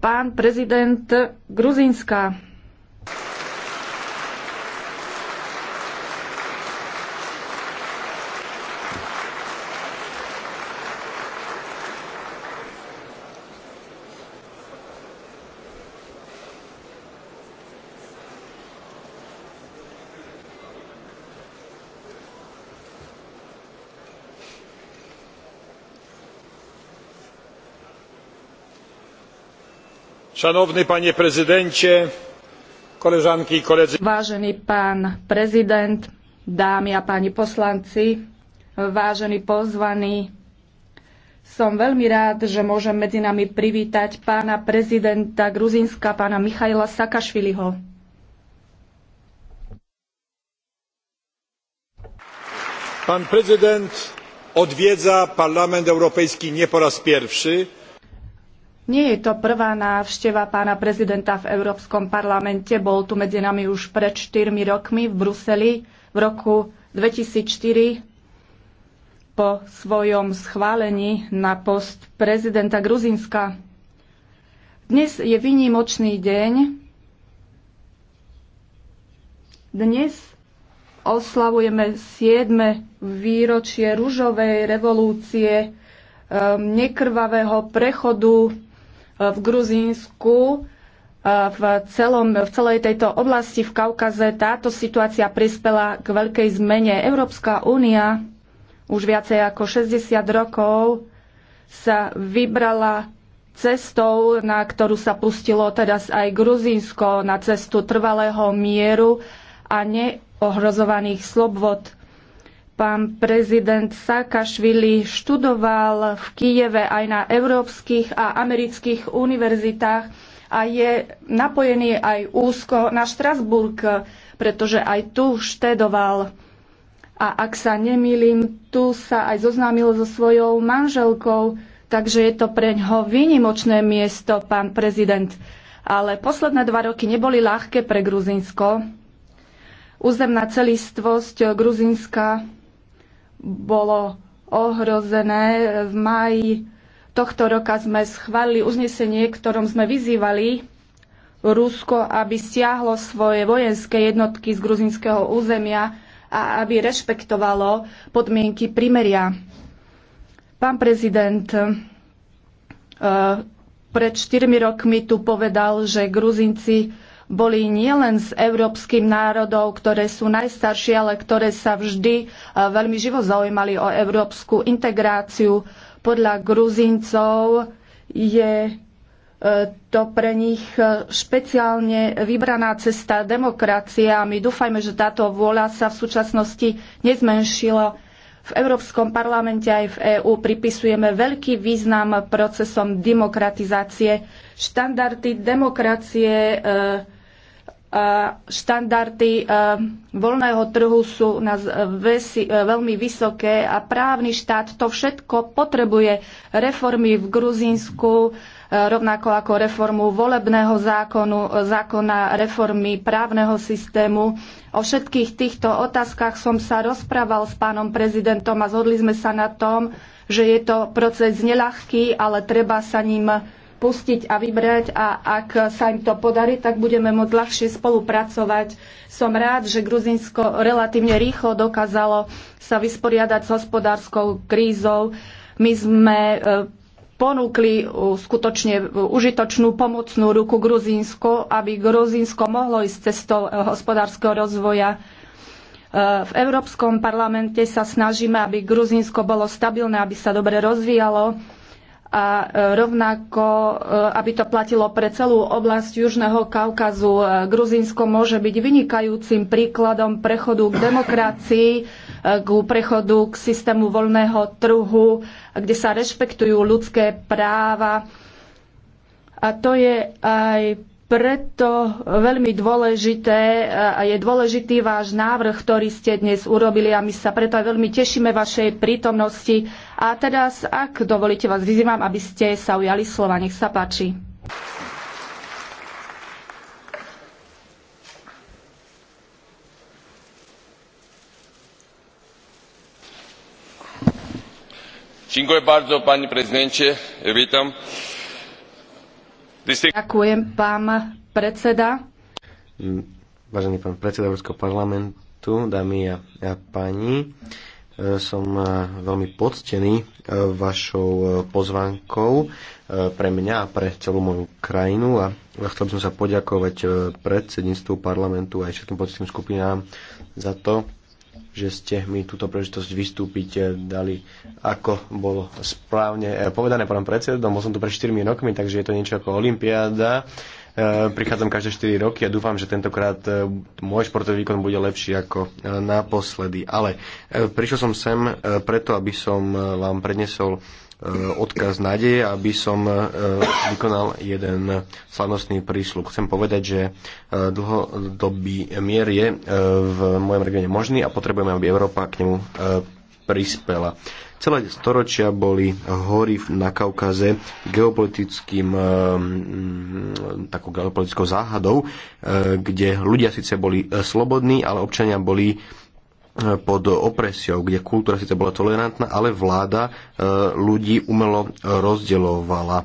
Pán prezident Gruzínska. Vážený pán prezident, dámy a páni poslanci, vážení pozvaní, som veľmi rád, že môžem medzi nami privítať pána prezidenta gruzínska pána Michaila Saakašviliho. Pán prezident odwiedza Parlament Europejski nie po raz pierwszy. Nie je to prvá návšteva pána prezidenta v Európskom parlamente. Bol tu medzi nami už pred 4 rokmi v Bruseli v roku 2004 po svojom schválení na post prezidenta Gruzinska. Dnes je výnimočný deň. Dnes oslavujeme 7. výročie ružovej revolúcie, ehm, nekrvavého prechodu v Gruzínsku, v, celom, v celej tejto oblasti v Kaukaze táto situácia prispela k veľkej zmene. Európska únia už viacej ako 60 rokov sa vybrala cestou, na ktorú sa pustilo teraz aj Gruzínsko, na cestu trvalého mieru a neohrozovaných slobod. Pán prezident Saakašvili študoval v Kieve aj na európskych a amerických univerzitách a je napojený aj úzko na Štrasburg, pretože aj tu štedoval. A ak sa nemýlim, tu sa aj zoznámil so svojou manželkou, takže je to pre ňoho výnimočné miesto, pán prezident. Ale posledné dva roky neboli ľahké pre Gruzinsko. Územná celistvosť Gruzinska bolo ohrozené. V maji tohto roka sme schválili uznesenie, ktorom sme vyzývali Rusko, aby stiahlo svoje vojenské jednotky z gruzinského územia a aby rešpektovalo podmienky primeria. Pán prezident, eh, pred štyrmi rokmi tu povedal, že Gruzinci boli nielen s európskym národov, ktoré sú najstaršie, ale ktoré sa vždy e, veľmi živo zaujímali o európsku integráciu. Podľa Gruzincov je e, to pre nich e, špeciálne vybraná cesta demokracia a my dúfajme, že táto vôľa sa v súčasnosti nezmenšila. V Európskom parlamente aj v EÚ pripisujeme veľký význam procesom demokratizácie. Štandardy demokracie e, E, štandardy e, voľného trhu sú nás e, veľmi vysoké a právny štát to všetko potrebuje. Reformy v Gruzínsku, rovnako ako reformu volebného zákonu, zákona, reformy právneho systému. O všetkých týchto otázkach som sa rozprával s pánom prezidentom a zhodli sme sa na tom, že je to proces neľahký, ale treba sa ním pustiť a vybrať a ak sa im to podarí, tak budeme môcť ľahšie spolupracovať. Som rád, že Gruzinsko relatívne rýchlo dokázalo sa vysporiadať s hospodárskou krízou. My sme e, ponúkli e, skutočne e, užitočnú pomocnú ruku Gruzínsko, aby Gruzínsko mohlo ísť cestou hospodárskeho rozvoja. V Európskom parlamente sa snažíme, aby Gruzínsko bolo stabilné, aby sa dobre rozvíjalo a e, rovnako, e, aby to platilo pre celú oblasť Južného Kaukazu. E, Gruzínsko môže byť vynikajúcim príkladom prechodu k demokracii, k prechodu k systému voľného trhu, kde sa rešpektujú ľudské práva. A to je aj preto veľmi dôležité eh, a je dôležitý váš návrh, ktorý ste dnes urobili a my sa preto aj veľmi tešíme vašej prítomnosti. A teraz, ak dovolíte, vás vyzývam, aby ste sa ujali slova. Nech sa páči. Dziękuję bardzo, panie prezydencie. Witam. Ďakujem, pán predseda. Vážený pán predseda Európskeho parlamentu, dámy a, a páni, e, som e, veľmi poctený e, vašou pozvánkou pre mňa a pre celú moju krajinu a chcel by som sa poďakovať predsedníctvu parlamentu aj všetkým politickým skupinám za to, že ste mi túto príležitosť vystúpiť eh, dali, ako bolo správne eh, povedané pánom predsedom. Bol som tu pred 4 rokmi, takže je to niečo ako Olympiáda. Eh, Prichádzam každé 4 roky a dúfam, že tentokrát môj športový výkon bude lepší ako naposledy. Ale prišiel som sem preto, aby som vám prednesol E, odkaz nádeje, aby som e, vykonal jeden slavnostný prísľub. Chcem povedať, že e, dlhodobý mier je v mojom regióne možný a potrebujeme, aby Európa k nemu prispela. Celé storočia boli hory na Kaukaze geopolitickým takou geopolitickou záhadou, kde ľudia síce boli slobodní, ale občania boli pod opresiou, kde kultúra síce bola tolerantná, ale vláda e, ľudí umelo rozdelovala, e,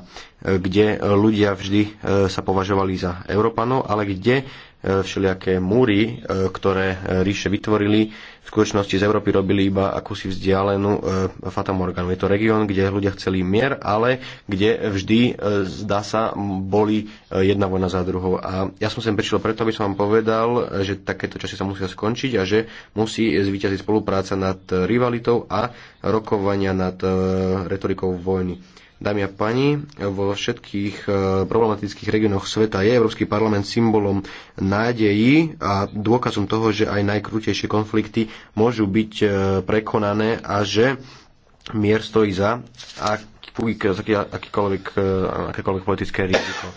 kde ľudia vždy e, sa považovali za Európanov, ale kde E, všelijaké múry, e, ktoré e, ríše vytvorili, v skutočnosti z Európy robili iba akúsi vzdialenú Fatamorganu. Je to región, kde ľudia chceli mier, ale kde vždy, zdá sa, boli jedna vojna za druhou. A ja som sem prišiel preto, aby som vám povedal, že takéto časy sa musia skončiť a že musí zvíťaziť spolupráca nad rivalitou a rokovania nad retorikou vojny Dámy a pani, vo všetkých e, problematických regiónoch sveta je Európsky parlament symbolom nádejí a dôkazom toho, že aj najkrutejšie konflikty môžu byť e, prekonané a že mier stojí za akýkoľvek, e, akýkoľvek politické riziko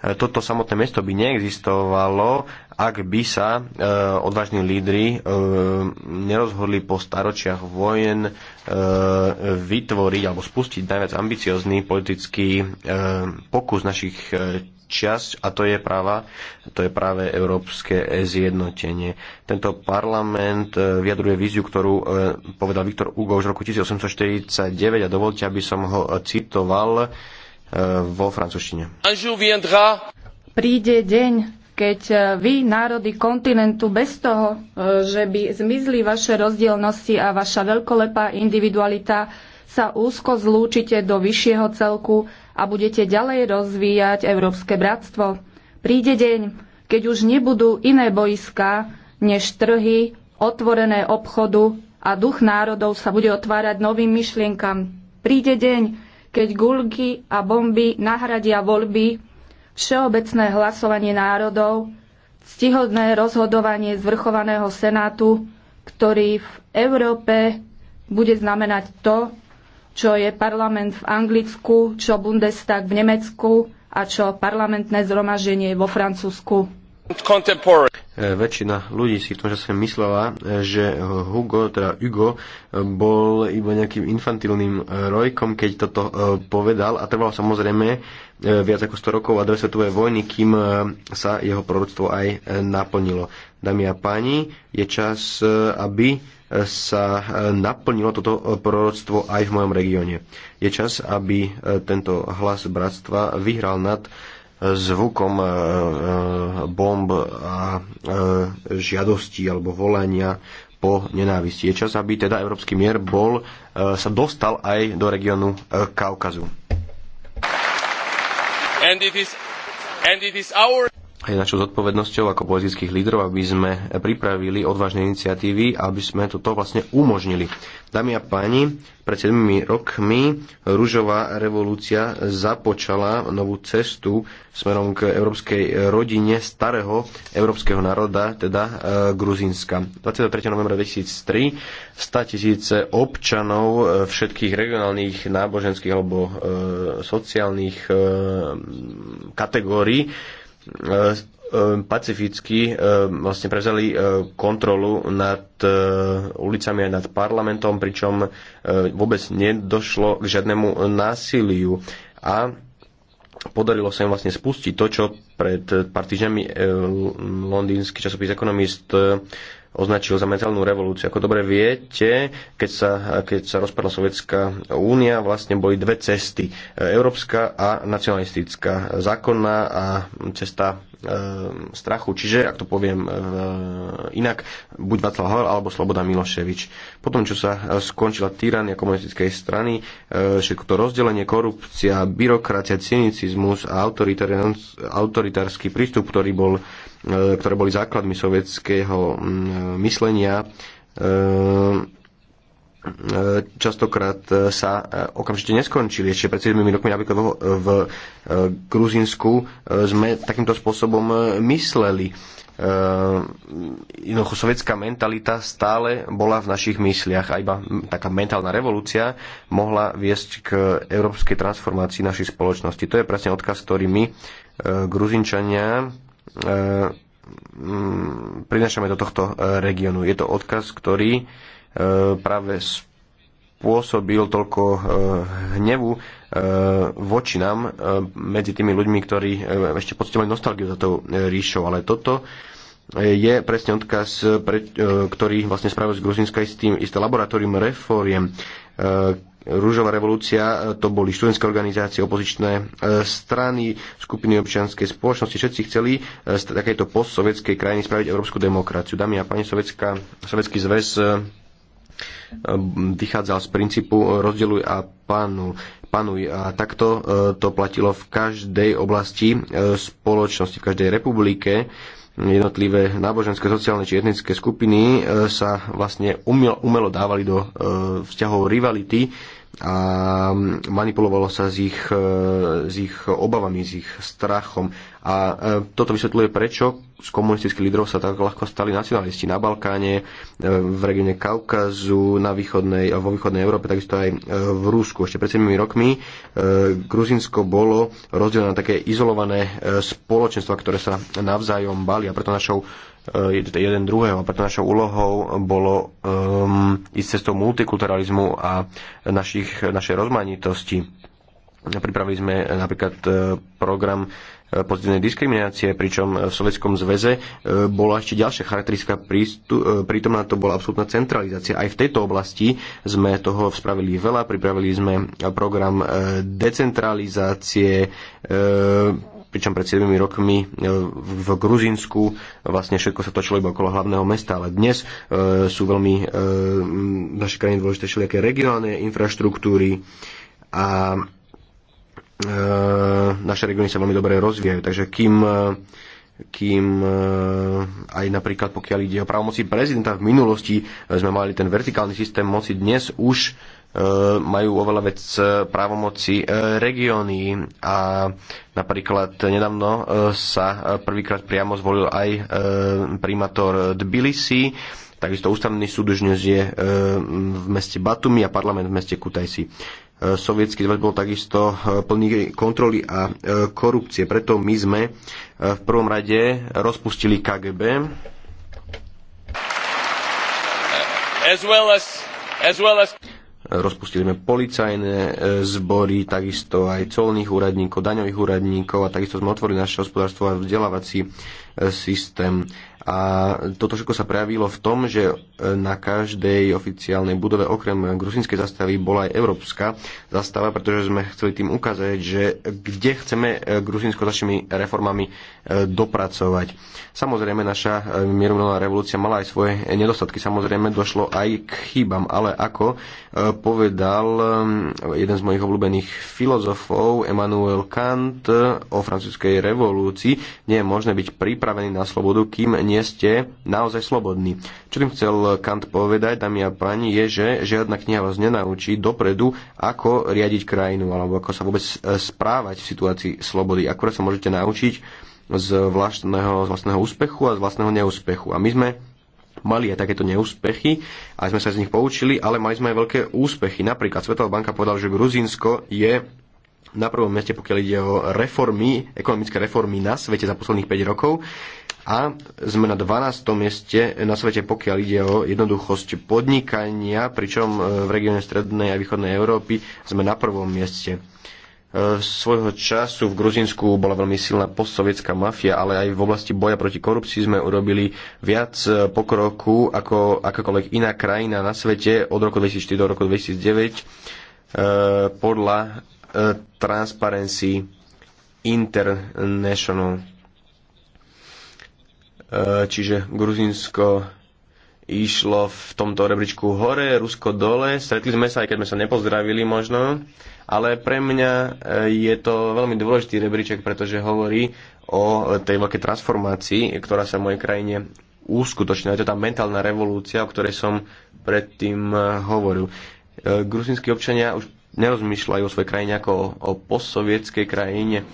E, toto samotné mesto by neexistovalo, ak by sa e, odvážni lídry e, nerozhodli po staročiach vojen e, vytvoriť alebo spustiť najviac ambiciozný politický e, pokus našich e, časť a to je, práva, to je práve európske zjednotenie. Tento parlament e, vyjadruje víziu, ktorú e, povedal Viktor Hugo už v roku 1849 a dovolte, aby som ho citoval E, vo francúzštine. Príde deň, keď e, vy, národy kontinentu, bez toho, e, že by zmizli vaše rozdielnosti a vaša veľkolepá individualita, sa úzko zlúčite do vyššieho celku a budete ďalej rozvíjať európske bratstvo. Príde deň, keď už nebudú iné boiská, než trhy, otvorené obchodu a duch národov sa bude otvárať novým myšlienkam. Príde deň, keď gulky a bomby nahradia voľby, všeobecné hlasovanie národov, stihodné rozhodovanie zvrchovaného senátu, ktorý v Európe bude znamenať to, čo je parlament v Anglicku, čo Bundestag v Nemecku a čo parlamentné zhromaženie vo Francúzsku. E, väčšina ľudí si v tom čase myslela, e, že Hugo, teda Hugo, e, bol iba nejakým infantilným rojkom, keď toto povedal a trvalo samozrejme viac ako 100 rokov a dve svetové vojny, kým sa jeho proroctvo aj naplnilo. Dámy a páni, je čas, aby sa naplnilo toto proroctvo aj v mojom regióne. Je čas, aby tento hlas bratstva vyhral nad zvukom e, e, bomb a e, žiadosti alebo volania po nenávisti. Je čas, aby teda európsky mier bol, sa dostal aj do regiónu Kaukazu. And it is, and it is our je našou zodpovednosťou ako politických lídrov, aby sme pripravili odvážne iniciatívy aby sme toto vlastne umožnili. Dámy a páni, pred 7 rokmi rúžová revolúcia započala novú cestu smerom k európskej rodine starého európskeho národa, teda e, Gruzínska. 23. novembra 2003 100 tisíce občanov e, všetkých regionálnych, náboženských alebo e, sociálnych kategórií E, e, pacificky e, vlastne prevzali kontrolu nad ulicami aj nad parlamentom, pričom vôbec nedošlo k žiadnemu násiliu. A podarilo sa im vlastne spustiť to, čo pred pár týždňami londýnsky časopis Economist označil za mentálnu revolúciu. Ako dobre viete, keď sa, keď sa rozpadla Sovietská únia, vlastne boli dve cesty. Európska a nacionalistická. Zákonná a cesta e, strachu. Čiže, ak to poviem e, inak, buď Václav Havel alebo Sloboda Miloševič. Potom, čo sa e, skončila tyrania komunistickej strany, e, všetko to rozdelenie, korupcia, byrokracia, cynicizmus a autoritársky prístup, ktorý bol E, ktoré boli základmi sovietského myslenia, e, e, častokrát sa okamžite neskončili. Ešte pred 7 rokmi napríklad v Gruzinsku sme takýmto spôsobom mysleli. Jednoducho sovietská mentalita stále bola v našich mysliach a iba taká mentálna revolúcia mohla viesť k európskej transformácii našej spoločnosti. To je presne odkaz, ktorý my, Gruzinčania, E, mm, prinášame do tohto e, regiónu. Je to odkaz, ktorý e, práve spôsobil toľko hnevu voči nám medzi tými ľuďmi, ktorí ešte pocitovali nostalgiu za tou ríšou. Ale toto je presne odkaz, ktorý vlastne spravil z Gruzinska istým, isté laboratórium reforiem, Rúžová revolúcia, e, to boli študentské organizácie, opozičné e, strany, skupiny občianskej spoločnosti, všetci chceli e, z takéto postsovetskej krajiny spraviť európsku demokraciu. Dámy a páni, Sovetská, Sovetský zväz vychádzal z princípu rozdeluj a panu, panuj. A takto to platilo v každej oblasti spoločnosti, v každej republike jednotlivé náboženské, sociálne či etnické skupiny e, sa vlastne umelo dávali do e, vzťahov rivality a mm, manipulovalo sa s ich, e, s ich obavami, s ich strachom. A e, toto vysvetľuje, prečo z komunistických lídrov sa tak ľahko stali nacionalisti na Balkáne, e, v regióne Kaukazu, na východnej, e, vo východnej Európe, takisto aj v Rúsku. Ešte pred 7 rokmi Gruzinsko bolo rozdelené na také izolované spoločenstva, ktoré sa navzájom bali a preto našou jeden druhého. A preto našou úlohou bolo um, ísť cestou multikulturalizmu a našich, našej rozmanitosti. Pripravili sme napríklad program Eh, pozitívnej diskriminácie, pričom eh, v Sovjetskom zväze eh, bola ešte ďalšia charakteristika prítomná, to bola absolútna centralizácia. Aj v tejto oblasti sme toho spravili veľa, pripravili sme program decentralizácie, pričom pred 7 rokmi v Gruzinsku vlastne všetko sa točilo iba okolo hlavného mesta, ale dnes sú veľmi naše krajiny dôležité všelijaké regionálne infraštruktúry a E, naše regióny sa veľmi dobre rozvíjajú. Takže kým, e, kým e, aj napríklad pokiaľ ide o právomoci prezidenta v minulosti sme mali ten vertikálny systém moci, dnes už majú oveľa vec právomoci regióny a napríklad nedávno sa prvýkrát priamo zvolil aj primátor Tbilisi, takisto ústavný súd už dnes je v meste Batumi a parlament v meste Kutaisi. E, sovietský dvor bol takisto e, plný kontroly a e, korupcie. Preto my sme v prvom rade rozpustili KGB. As well as, as well as... Rozpustili sme policajné zbory, takisto aj colných úradníkov, daňových úradníkov a takisto sme otvorili naše hospodárstvo a vzdelávací systém. A toto všetko sa prejavilo v tom, že e, na každej oficiálnej budove okrem gruzinskej zastavy bola aj európska zastava, pretože sme chceli tým ukázať, že kde chceme e, Gruzinsko našimi reformami e, dopracovať. Samozrejme, naša mierovná revolúcia mala aj svoje nedostatky. Samozrejme, došlo aj k chybám, ale ako povedal jeden z mojich obľúbených filozofov, Emmanuel Kant, o francúzskej revolúcii, nie je možné byť pripravený na slobodu, kým nie ste naozaj slobodní. Čo tým chcel Kant povedať, dámy a páni, je, že žiadna kniha vás nenaučí dopredu, ako riadiť krajinu alebo ako sa vôbec e, správať v situácii slobody. Akurát sa môžete naučiť z vlastného, z vlastného úspechu a z vlastného neúspechu. A my sme mali aj takéto neúspechy, aj sme sa z nich poučili, ale mali sme aj veľké úspechy. Napríklad Svetová banka povedala, že Gruzínsko je na prvom meste, pokiaľ ide o reformy, ekonomické reformy na svete za posledných 5 rokov a sme na 12. mieste na svete, pokiaľ ide o jednoduchosť podnikania, pričom e, v regióne Strednej a Východnej Európy sme na prvom mieste. E, svojho času v Gruzinsku bola veľmi silná postsovietská mafia, ale aj v oblasti boja proti korupcii sme urobili viac e, pokroku ako akákoľvek iná krajina na svete od roku 2004 do roku 2009 podľa Transparency International. E, čiže Gruzinsko išlo v tomto rebríčku hore, Rusko dole. Stretli sme sa, aj keď sme sa nepozdravili možno, ale pre mňa e, je to veľmi dôležitý rebríček, pretože hovorí o tej veľkej transformácii, ktorá sa v mojej krajine uskutočnila. Je to tá mentálna revolúcia, o ktorej som predtým e, hovoril. Gruzinskí občania už nerozmýšľajú o svojej krajine ako o, o postsovietskej krajine. E,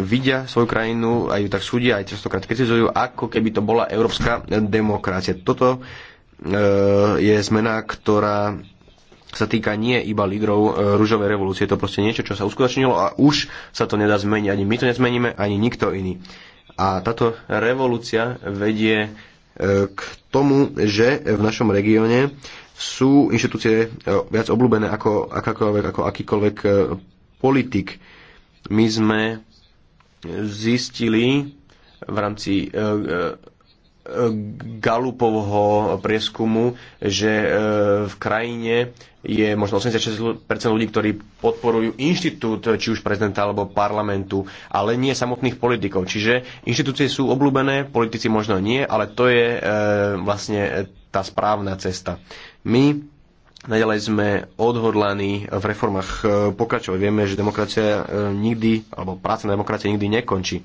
vidia svoju krajinu, aj ju tak súdia, aj častokrát kritizujú, ako keby to bola európska demokracia. Toto e, je zmena, ktorá sa týka nie iba lídrov e, rúžovej revolúcie. Je to proste niečo, čo sa uskutočnilo a už sa to nedá zmeniť. Ani my to nezmeníme, ani nikto iný. A táto revolúcia vedie e, k tomu, že v našom regióne e, sú inštitúcie e, viac obľúbené ako, akákoľvek, ako akýkoľvek e, politik. My sme zistili v rámci e, Galupovho prieskumu, že v krajine je možno 86% ľudí, ktorí podporujú inštitút, či už prezidenta alebo parlamentu, ale nie samotných politikov. Čiže inštitúcie sú obľúbené, politici možno nie, ale to je vlastne tá správna cesta. My Naďalej sme odhodlaní v reformách e, pokračovať. Vieme, že demokracia e, nikdy, alebo práca na demokracie nikdy nekončí. E,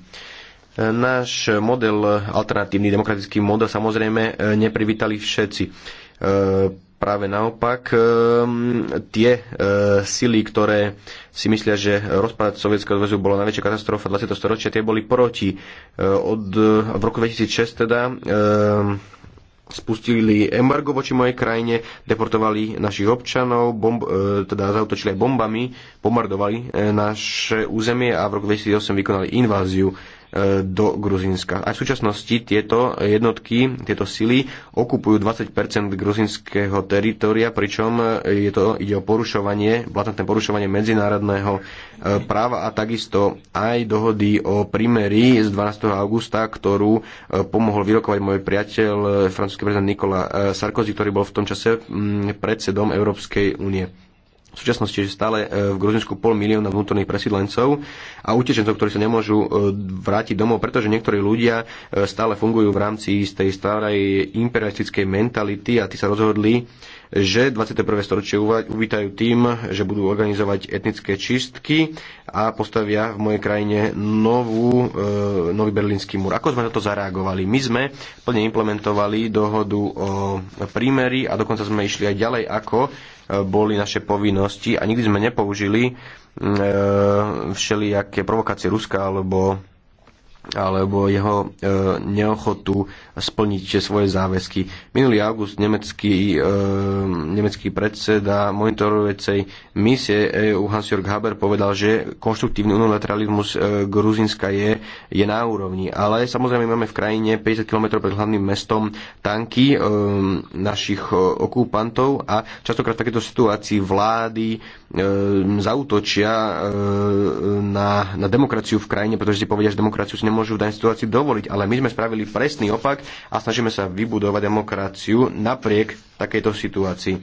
náš model, alternatívny demokratický model, samozrejme neprivítali všetci. Práve naopak, tie sily, ktoré si myslia, že rozpad Sovietskeho zväzu bola najväčšia katastrofa 20. storočia, tie boli proti. Od, v roku 2006 teda spustili embargo voči mojej krajine, deportovali našich občanov, bomb, e, teda zautočili aj bombami, bombardovali e, naše územie a v roku 2008 vykonali inváziu do Gruzínska. Aj v súčasnosti tieto jednotky, tieto sily okupujú 20 gruzinského teritoria, pričom e, je to, ide o porušovanie, blatantné porušovanie medzinárodného e, práva a takisto aj dohody o primeri z 12. augusta, ktorú e, pomohol vyrokovať môj priateľ, francúzsky prezident Nikola Sarkozy, ktorý bol v tom čase mm, predsedom Európskej únie v súčasnosti je stále e, v Gruzinsku pol milióna vnútorných presídlencov a utečencov, ktorí sa nemôžu e, vrátiť domov, pretože niektorí ľudia e, stále fungujú v rámci tej starej imperialistickej mentality a tí sa rozhodli, že 21. storočie uvítajú tým, že budú organizovať etnické čistky a postavia v mojej krajine novú, nový berlínsky múr. Ako sme na to zareagovali? My sme plne implementovali dohodu o prímery a dokonca sme išli aj ďalej ako boli naše povinnosti a nikdy sme nepoužili mm, e, všelijaké provokácie Ruska alebo alebo jeho e, neochotu splniť svoje záväzky. Minulý august nemecký, e, nemecký predseda monitorovacej misie EU Hans-Jörg Haber povedal, že konštruktívny unilateralizmus e, Gruzinska je, je na úrovni. Ale samozrejme máme v krajine 50 km pred hlavným mestom tanky e, našich e, okupantov a častokrát v takéto situácii vlády E, zautočia e, na, na demokraciu v krajine, pretože si povedia, že demokraciu si nemôžu v danej situácii dovoliť. Ale my sme spravili presný opak a snažíme sa vybudovať demokraciu napriek takejto situácii.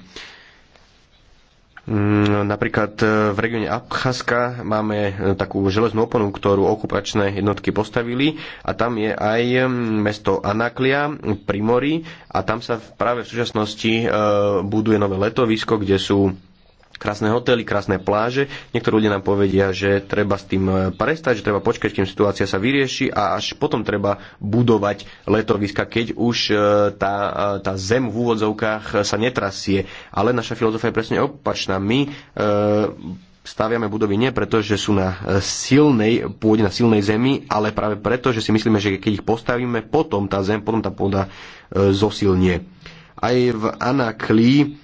Mm, napríklad e, v regióne Abcházska máme takú železnú oponu, ktorú okupačné jednotky postavili a tam je aj mesto Anaklia pri mori a tam sa práve v súčasnosti buduje nové letovisko, kde sú krásne hotely, krásne pláže. Niektorí ľudia nám povedia, že treba s tým e, prestať, že treba počkať, kým situácia sa vyrieši a až potom treba budovať letoviska, keď už e, tá, e, tá zem v úvodzovkách sa netrasie. Ale naša filozofia je presne opačná. My e, staviame budovy nie preto, že sú na silnej pôde, na silnej zemi, ale práve preto, že si myslíme, že keď ich postavíme, potom tá zem, potom tá pôda e, zosilnie. Aj v Anakli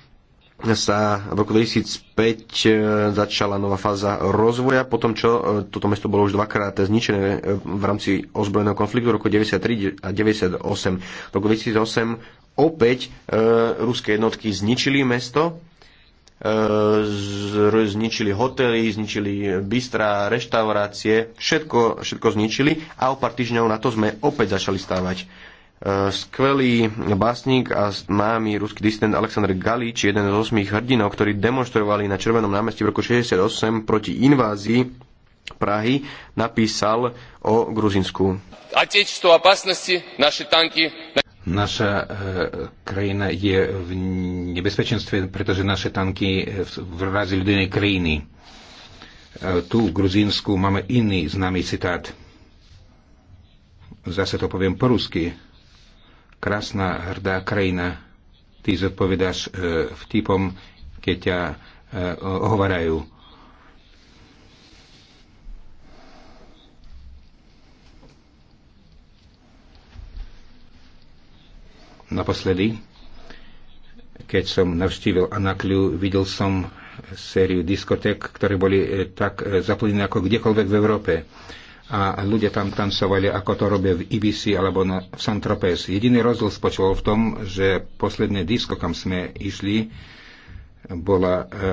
sa v roku 2005 eh, začala nová fáza rozvoja, potom čo eh, toto mesto bolo už dvakrát zničené eh, v rámci ozbrojeného konfliktu v roku 1993 a 1998. V roku 2008 opäť e, ruské jednotky zničili mesto, e, zničili hotely, zničili bistra, reštaurácie, všetko, všetko zničili a o pár týždňov na to sme opäť začali stávať Eh, skvelý básnik a známy ruský disident Aleksandr Galič, jeden z osmých hrdinov, ktorí demonstrovali na Červenom námestí v roku 68 proti invázii Prahy, napísal o Gruzinsku. Naša krajina je v nebezpečenstve, pretože naše tanky vrazili do inej krajiny. Tu v Gruzínsku máme iný známy citát. Zase to poviem po rusky krásna, hrdá krajina. Ty zodpovedáš e, vtipom, keď ťa e, ohovarajú. Naposledy, keď som navštívil Anakliu, videl som sériu diskoték, ktoré boli e, tak zaplnené ako kdekoľvek v Európe a ľudia tam tancovali, ako to robia v Ibisi alebo na, v Santropes. Jediný rozdiel spočíval v tom, že posledné disko, kam sme išli, bola e, e,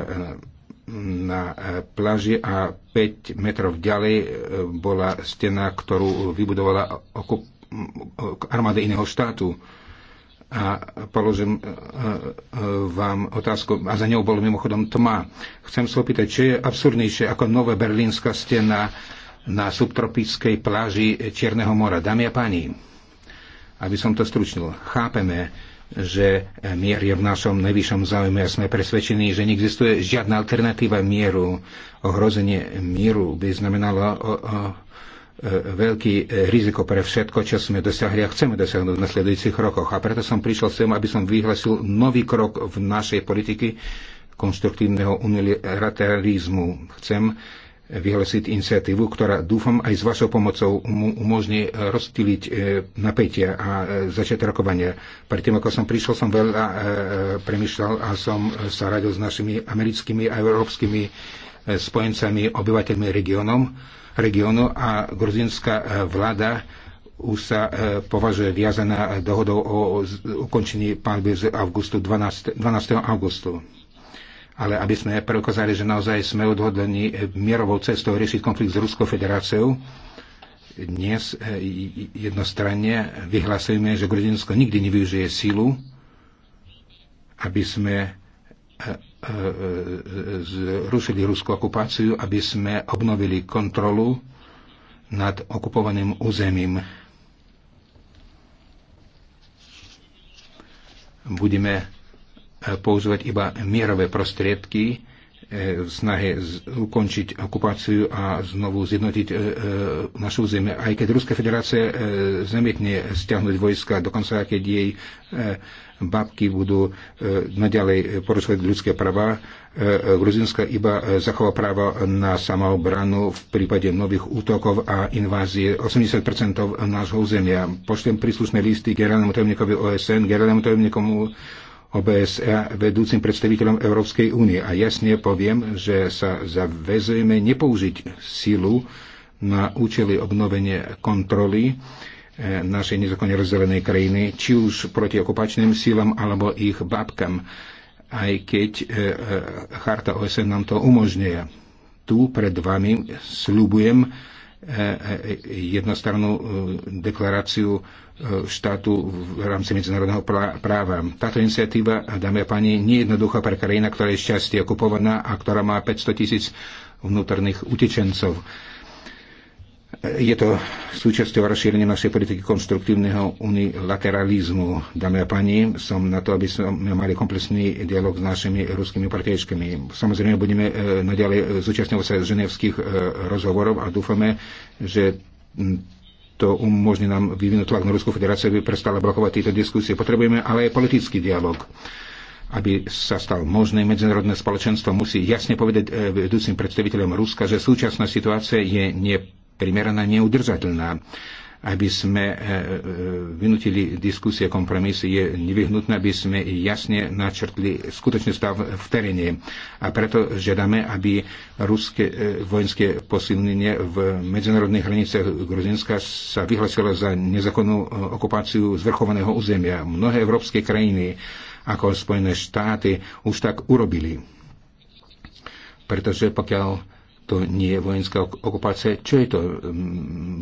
na e, pláži a 5 metrov ďalej bola stena, ktorú vybudovala okup- armáda iného štátu. A položím vám otázku, a za ňou bolo mimochodom tma. Chcem sa opýtať, čo je absurdnejšie ako nová berlínska stena, na subtropickej pláži Čierneho mora. Dámy a páni, aby som to stručnil, chápeme, že mier je v našom najvyššom záujme a sme presvedčení, že neexistuje žiadna alternatíva mieru. Ohrozenie mieru by znamenalo o, o, veľký riziko pre všetko, čo sme dosiahli a chceme dosiahnuť v nasledujúcich rokoch. A preto som prišiel sem, aby som vyhlasil nový krok v našej politiky konštruktívneho unilateralizmu. Chcem vyhlásiť iniciatívu, ktorá dúfam aj s vašou pomocou umožní e, rozstýliť e, napätia a e, začať rokovania. Predtým, ako som prišiel, som veľa premyšľal a som sa radil s našimi americkými a európskymi spojencami, obyvateľmi regionom, regionu a gruzinská vláda už sa považuje viazaná dohodou o ukončení palby z augustu 12, 12. augustu ale aby sme preukázali, že naozaj sme odhodlení mierovou cestou riešiť konflikt s Ruskou federáciou, dnes e, jednostranne vyhlasujeme, že Gruzinsko nikdy nevyužije sílu, aby sme e, e, zrušili ruskú okupáciu, aby sme obnovili kontrolu nad okupovaným územím. Budeme používať iba mierové prostriedky e, v snahe ukončiť okupáciu a znovu zjednotiť e, e, našu zemi. Aj keď Ruská federácia zamietne stiahnuť vojska, dokonca aj keď jej babky budú naďalej porušovať ľudské práva, Gruzinska iba zachová práva na samoobranu v prípade nových útokov a invázie 80 nášho územia. Pošlem príslušné listy generálnemu tajomníkovi OSN, generálnemu tajomníkomu OBSE vedúcim predstaviteľom Európskej únie a jasne poviem, že sa zavezujeme nepoužiť silu na účely obnovenie kontroly e, našej nezakonne rozdelenej krajiny, či už proti okupačným sílam alebo ich babkám, aj keď e, e, charta OSN nám to umožňuje. Tu pred vami sľubujem, jednostrannú e, deklaráciu e, štátu v rámci medzinárodného práva. Táto iniciatíva, dámy a páni, nie je jednoduchá pre krajina, ktorá je šťastie okupovaná a ktorá má 500 tisíc vnútorných utečencov. Je to súčasťou rozšírenia našej politiky konstruktívneho unilateralizmu. Dámy a páni, som na to, aby sme mali komplexný dialog s našimi ruskými partiečkami. Samozrejme, budeme e, naďalej zúčastňovať sa ženevských e, rozhovorov a dúfame, že to umožní nám vyvinúť tlak na Ruskú federáciu, aby prestala blokovať tieto diskusie. Potrebujeme ale aj politický dialog aby sa stal možné, medzinárodné spoločenstvo musí jasne povedať e, vedúcim predstaviteľom Ruska, že súčasná situácia je ne primeraná, neudržateľná. Aby sme e, e, vynutili diskusie, kompromisy, je nevyhnutné, aby sme jasne načrtli skutočný stav v teréne. A preto žiadame, aby ruské e, vojenské posilnenie v medzinárodných hraniciach Gruzinska sa vyhlasilo za nezakonnú okupáciu zvrchovaného územia. Mnohé európske krajiny, ako Spojené štáty, už tak urobili. Pretože pokiaľ to nie je vojenská okupácia. Čo je to? Mm,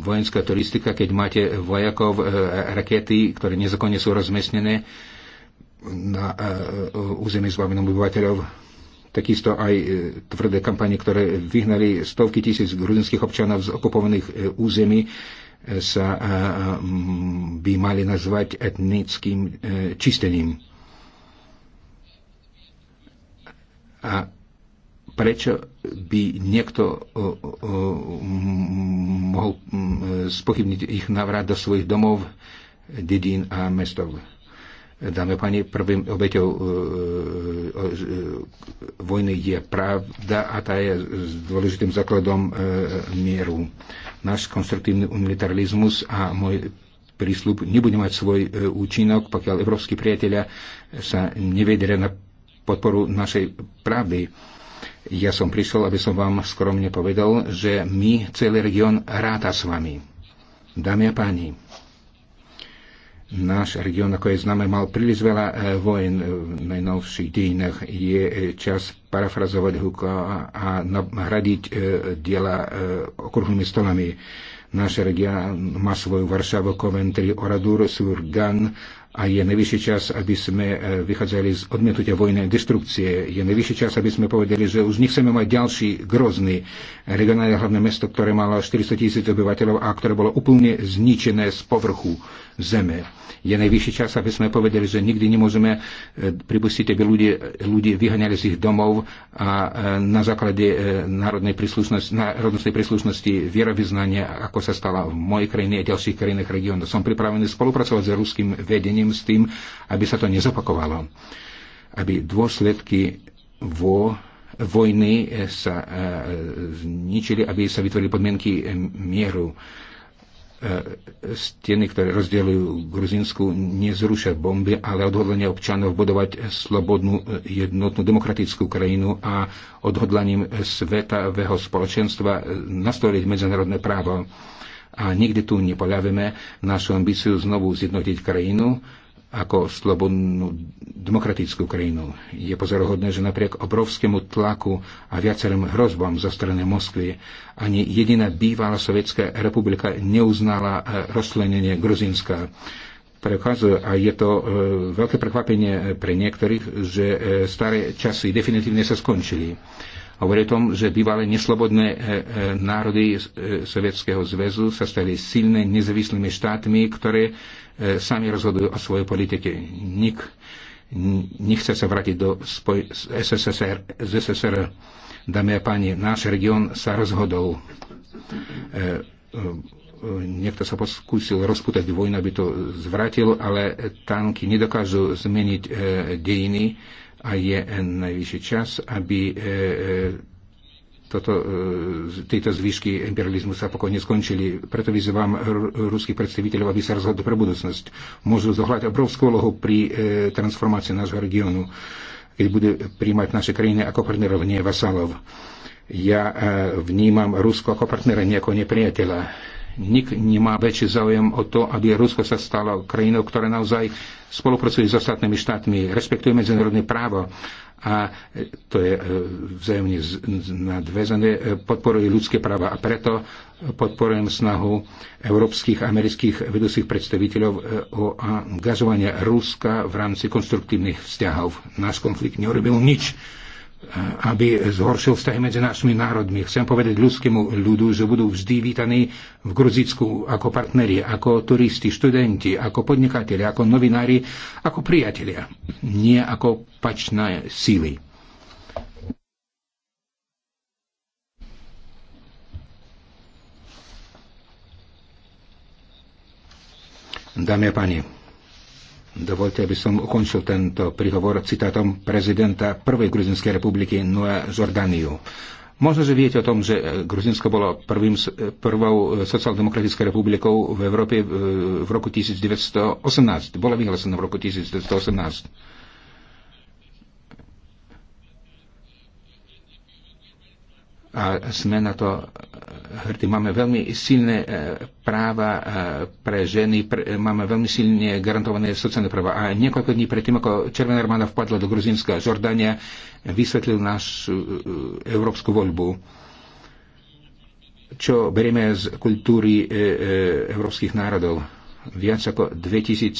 vojenská turistika, keď máte vojakov, e, rakety, ktoré nezakonne sú rozmestnené na e, území zbavenom obyvateľov. Takisto aj e, tvrdé kampanie, ktoré vyhnali stovky tisíc gruzinských občanov z okupovaných území, sa by mali nazvať etnickým čistením. A prečo by niekto mohol spochybniť ich navrát do svojich domov, dedín a mestov. Dáme pani, prvým obeťou e, e, e, vojny je pravda a tá je dôležitým základom mieru. Náš konstruktívny militarizmus a môj prísľub nebude mať svoj účinok, pokiaľ európsky priateľia sa nevedia na podporu našej pravdy ja som prišiel, aby som vám skromne povedal, že my, celý región, ráta s vami. Dámy a páni, náš región, ako je známe, mal príliš veľa e, vojen v e, najnovších dejinách. Je e, čas parafrazovať Huka a nahradiť diela okruhnými stolami. Náš región má svoju Varšavu, Coventry, Oradur, Surgan a je najvyšší čas, aby sme e, vychádzali z odmietutia vojny a destrukcie. Je najvyšší čas, aby sme povedali, že už nechceme mať ďalší grozný regionálne hlavné mesto, ktoré malo 400 tisíc obyvateľov a ktoré bolo úplne zničené z povrchu zeme. Je najvyšší čas, aby sme povedali, že nikdy nemôžeme e, pripustiť, aby ľudia, ľudia vyhaňali z ich domov a e, na základe národnej príslušnosti, národnostnej príslušnosti vierovýznania, ako sa stala v mojej krajine a ďalších krajinách regiónov. Som pripravený spolupracovať s ruským vedením riešením s tým, aby sa to nezopakovalo. Aby dôsledky vo vojny eh, sa eh, zničili, aby sa vytvorili podmienky eh, mieru. Steny, ktoré rozdeľujú Gruzinsku, nezrušia bomby, ale odhodlanie občanov budovať slobodnú, jednotnú, demokratickú krajinu a odhodlaním svetového spoločenstva nastoliť medzinárodné právo a nikdy tu nepoľavíme našu ambíciu znovu zjednotiť krajinu ako slobodnú demokratickú krajinu. Je pozorohodné, že napriek obrovskému tlaku a viacerým hrozbám zo strany Moskvy ani jediná bývalá sovietská republika neuznala e, rozslenenie Gruzinska. preukazujú a je to e, veľké prekvapenie pre niektorých, že e, staré časy definitívne sa skončili. E, Hovorí o tom, že bývalé neslobodné e, e, národy e, Sovietskeho zväzu sa stali silné nezávislými štátmi, ktoré sami rozhodujú o svojej politike. Nik nechce sa vrátiť do spoj- SSSR, z SSR. Dámy a páni, náš región sa rozhodol. E, e, niekto sa poskúsil rozputať vojnu, aby to zvratil, ale tanky nedokážu zmeniť e, dejiny. E, a je najvyšší čas, aby e, e, toto, e, tieto zvyšky imperializmu sa pokojne skončili. Preto vyzývam ruských predstaviteľov, aby sa rozhodli pre budúcnosť. Môžu zohľať obrovskú úlohu pri transformácii nášho regiónu, keď bude príjmať naše krajiny ako partnerov, nie vasalov. Ja vnímam Rusko ako partnera, nie ako nepriateľa Nik nemá väčší záujem o to, aby Rusko sa stalo krajinou, ktorá naozaj spolupracuje s ostatnými štátmi, respektuje medzinárodné právo a to je e, vzájomne nadväzané, e, podporuje ľudské práva a preto podporujem snahu európskych a amerických vedúcich predstaviteľov e, o angažovanie Ruska v rámci konstruktívnych vzťahov. Náš konflikt neurobil nič aby zhoršil vzťahy medzi našimi národmi. Chcem povedať ľudskému ľudu, že budú vždy vítaní v Gruzicku ako partneri, ako turisti, študenti, ako podnikatelia, ako novinári, ako priatelia, nie ako pačné síly. Dámy a páni, Dovolte, aby som ukončil tento príhovor citátom prezidenta Prvej Gruzinskej republiky Noa Jordaniu. Možno, že viete o tom, že e, Gruzinsko bolo prvým, e, prvou e, sociálno-demokratickou republikou v Európe v roku 1918. Bola vyhlásené v roku 1918. a sme na to hrdí. Máme veľmi silné e, práva e, pre ženy, pre, e, máme veľmi silne garantované sociálne práva. A niekoľko dní predtým, ako Červená armáda vpadla do Gruzínska a Žordania, vysvetlil našu európsku voľbu čo berieme z kultúry európskych národov viac ako 2000 e, e,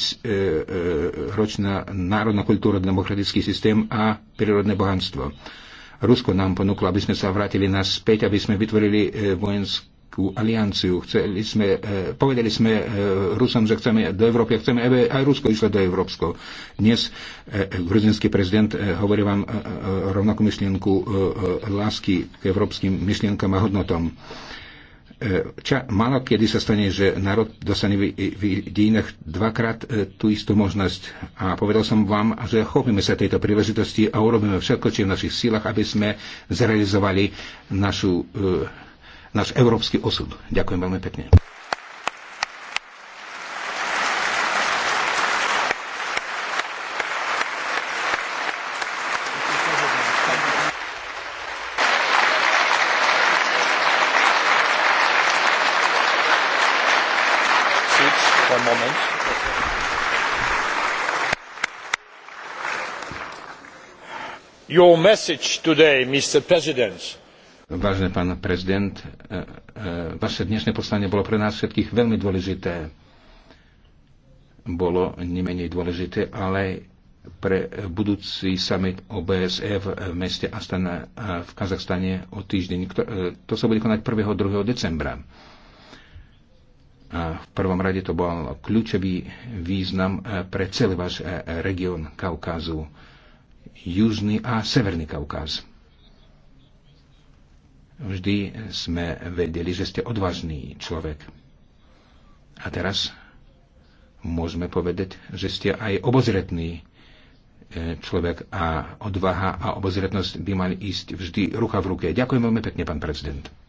ročná národná kultúra, demokratický systém a prírodné bohatstvo. Rusko nám ponúklo, aby sme sa vrátili naspäť, aby sme vytvorili e, vojenskú alianciu. Chceli sme, e, povedali sme e, Rusom, že chceme do Európy, chceme, aby aj Rusko išlo do Európsko. Dnes gruzinský prezident hovorí vám rovnakú myšlienku lásky k európskym myšlienkam a hodnotom E, ča, malo kedy sa stane, že národ dostane v, v dejinách dvakrát e, tú istú možnosť. A povedal som vám, že chopíme sa tejto príležitosti a urobíme všetko, čo je v našich sílach, aby sme zrealizovali našu, e, náš európsky osud. Ďakujem veľmi pekne. your message today, Mr. President. Vážený pán prezident, e, e, vaše dnešné poslanie bolo pre nás všetkých veľmi dôležité. Bolo nemenej dôležité, ale pre budúci summit OBSE v meste Astana e, v Kazachstane o týždeň. To sa bude konať 1. 2. decembra. A v prvom rade to bol kľúčový význam pre celý váš región Kaukázu Južný a Severný Kaukaz. Vždy sme vedeli, že ste odvážny človek. A teraz môžeme povedať, že ste aj obozretný e, človek a odvaha a obozretnosť by mali ísť vždy ruka v ruke. Ďakujem veľmi pekne, pán prezident.